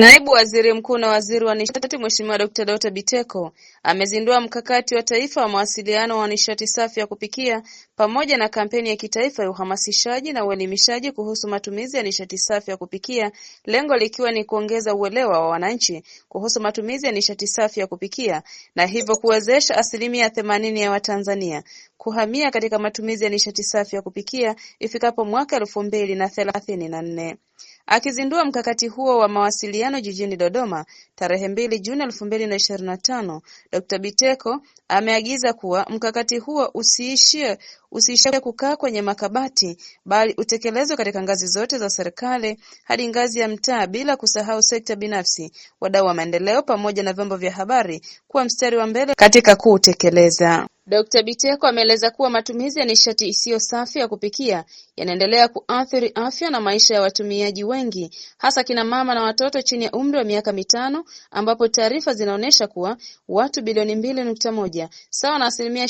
Naibu Waziri Mkuu na Waziri wa Nishati Mheshimiwa Dkt Doto Biteko amezindua mkakati wa Taifa wa mawasiliano wa nishati safi ya kupikia pamoja na kampeni ya kitaifa ya uhamasishaji na uelimishaji kuhusu matumizi ya nishati safi ya kupikia, lengo likiwa ni kuongeza uelewa wa wananchi kuhusu matumizi ya nishati safi ya kupikia na hivyo kuwezesha asilimia themanini ya Watanzania kuhamia katika matumizi ya nishati safi ya kupikia ifikapo mwaka elfu mbili na thelathini na nne. Akizindua mkakati huo wa mawasiliano jijini Dodoma tarehe mbili Juni 2025, Dr. na Biteko ameagiza kuwa mkakati huo usiishie usiishie kukaa kwenye makabati bali utekelezwe katika ngazi zote za serikali hadi ngazi ya mtaa bila kusahau sekta binafsi, wadau wa maendeleo pamoja na vyombo vya habari kuwa mstari wa mbele katika kuutekeleza. Dkt. Biteko ameeleza kuwa matumizi ya nishati isiyo safi ya kupikia yanaendelea kuathiri afya na maisha ya watumiaji wengi hasa kina mama na watoto chini ya umri wa miaka mitano ambapo taarifa zinaonyesha kuwa watu bilioni mbili nukta moja sawa na asilimia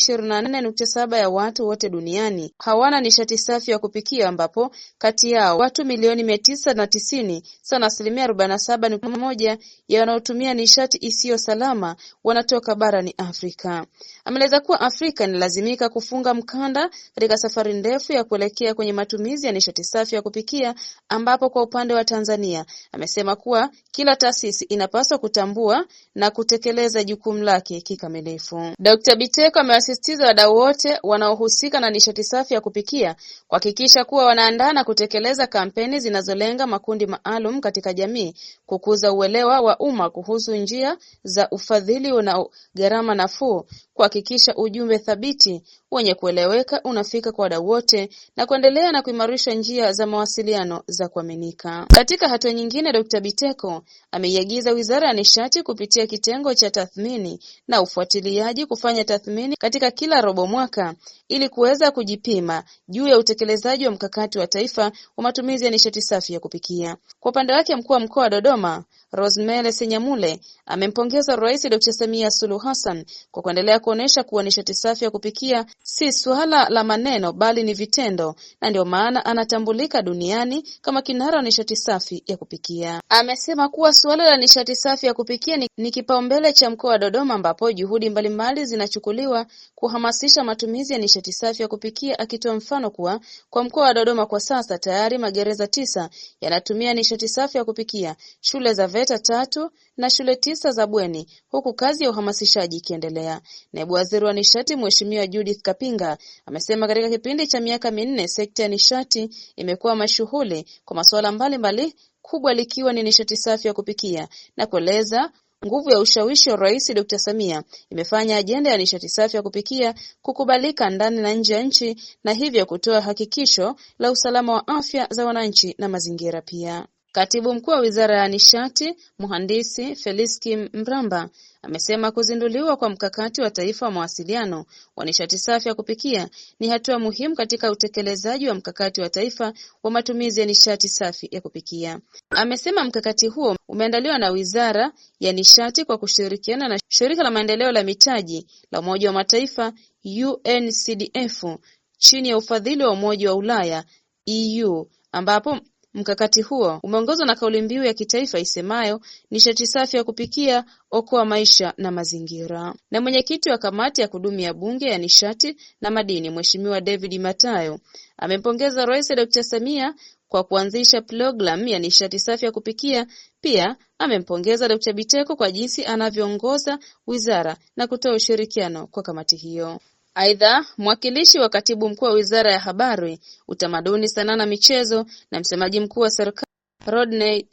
nukta saba ya watu wote duniani hawana nishati safi ya kupikia ambapo kati yao watu milioni mia na tisini sawa na asilimia saba nukta moja ya wanaotumia nishati isiyo salama wanatoka barani Afrika. Ameeleza kuwa Afrika inalazimika kufunga mkanda katika safari ndefu ya kuelekea kwenye matumizi ya nishati safi ya kupikia ambapo kwa upande wa Tanzania amesema kuwa kila taasisi inapaswa kutambua na kutekeleza jukumu lake kikamilifu. Dkt. Biteko amewasisitiza wadau wote wanaohusika na nishati safi ya kupikia kuhakikisha kuwa wanaandaa na kutekeleza kampeni zinazolenga makundi maalum katika jamii, kukuza uelewa wa umma kuhusu njia za ufadhili na gharama nafuu kuhakikisha ujumbe thabiti wenye kueleweka unafika kwa wadau wote na kuendelea na kuimarisha njia za mawasiliano za kuaminika. Katika hatua nyingine, Dkt. Biteko ameiagiza Wizara ya Nishati kupitia kitengo cha tathmini na ufuatiliaji kufanya tathmini katika kila robo mwaka ili kuweza kujipima juu ya utekelezaji wa mkakati wa taifa wa matumizi ya nishati safi ya kupikia. Kwa upande wake, mkuu wa mkoa wa Dodoma Rosemary Senyamule amempongeza Rais Dkt. Samia Suluhu Hassan kwa kuendelea kuonesha kuwa nishati safi ya kupikia si suala la maneno bali ni vitendo na ndio maana anatambulika duniani kama kinara wa nishati safi ya kupikia. Amesema kuwa suala la nishati safi ya kupikia ni, ni kipaumbele cha mkoa wa Dodoma ambapo juhudi mbalimbali zinachukuliwa kuhamasisha matumizi ya nishati safi ya kupikia, akitoa mfano kuwa kwa mkoa wa Dodoma kwa sasa tayari magereza tisa yanatumia nishati safi ya kupikia, shule za VETA tatu na shule tisa za bweni, huku kazi ya uhamasishaji ikiendelea. Naibu Waziri wa Nishati Mheshimiwa Judith Kapinga amesema katika kipindi cha miaka minne sekta ya nishati imekuwa mashuhuli kwa masuala mbalimbali, kubwa likiwa ni nishati safi ya kupikia na kueleza nguvu ya ushawishi wa Rais d Samia imefanya ajenda ya nishati safi ya kupikia kukubalika ndani na nje ya nchi na hivyo kutoa hakikisho la usalama wa afya za wananchi na mazingira pia. Katibu Mkuu wa Wizara ya Nishati, Mhandisi feliski Mramba amesema kuzinduliwa kwa Mkakati wa Taifa wa Mawasiliano wa Nishati Safi ya Kupikia ni hatua muhimu katika utekelezaji wa Mkakati wa Taifa wa Matumizi ya Nishati Safi ya Kupikia. Amesema mkakati huo umeandaliwa na Wizara ya Nishati kwa kushirikiana na Shirika la Maendeleo la Mitaji la Umoja wa Mataifa UNCDF chini ya ufadhili wa Umoja wa Ulaya EU ambapo Mkakati huo umeongozwa na kauli mbiu ya kitaifa isemayo nishati safi ya kupikia okoa maisha na mazingira. Na mwenyekiti wa kamati ya kudumu ya Bunge ya nishati na madini, Mheshimiwa David Matayo amempongeza Rais Dr. Samia kwa kuanzisha programu ya nishati safi ya kupikia. Pia amempongeza d Biteko kwa jinsi anavyoongoza wizara na kutoa ushirikiano kwa kamati hiyo. Aidha, mwakilishi wa katibu mkuu wa Wizara ya Habari, Utamaduni, Sanaa na Michezo na msemaji mkuu wa serikali Rodney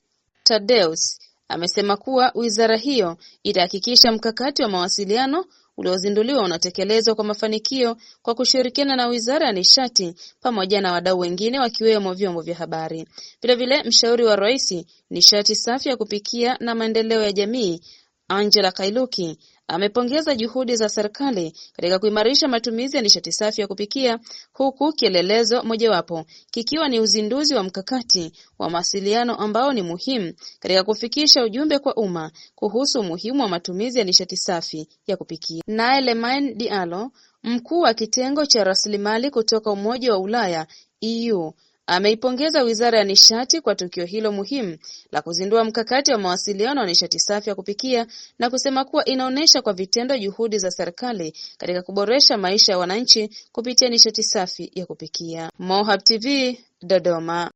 Tadeus amesema kuwa wizara hiyo itahakikisha mkakati wa mawasiliano uliozinduliwa unatekelezwa kwa mafanikio kwa kushirikiana na Wizara ya Nishati pamoja na wadau wengine wakiwemo vyombo vya habari. Vilevile, mshauri wa Rais Nishati Safi ya Kupikia na Maendeleo ya Jamii, Angela Kailuki Amepongeza juhudi za serikali katika kuimarisha matumizi ya nishati safi ya kupikia huku kielelezo mojawapo kikiwa ni uzinduzi wa mkakati wa mawasiliano ambao ni muhimu katika kufikisha ujumbe kwa umma kuhusu umuhimu wa matumizi ya nishati safi ya kupikia. Naye Lemain Diallo, mkuu wa kitengo cha rasilimali kutoka Umoja wa Ulaya EU Ameipongeza Wizara ya Nishati kwa tukio hilo muhimu la kuzindua mkakati wa mawasiliano wa nishati safi ya kupikia na kusema kuwa inaonyesha kwa vitendo juhudi za serikali katika kuboresha maisha ya wananchi kupitia nishati safi ya kupikia. MOHAB TV, Dodoma.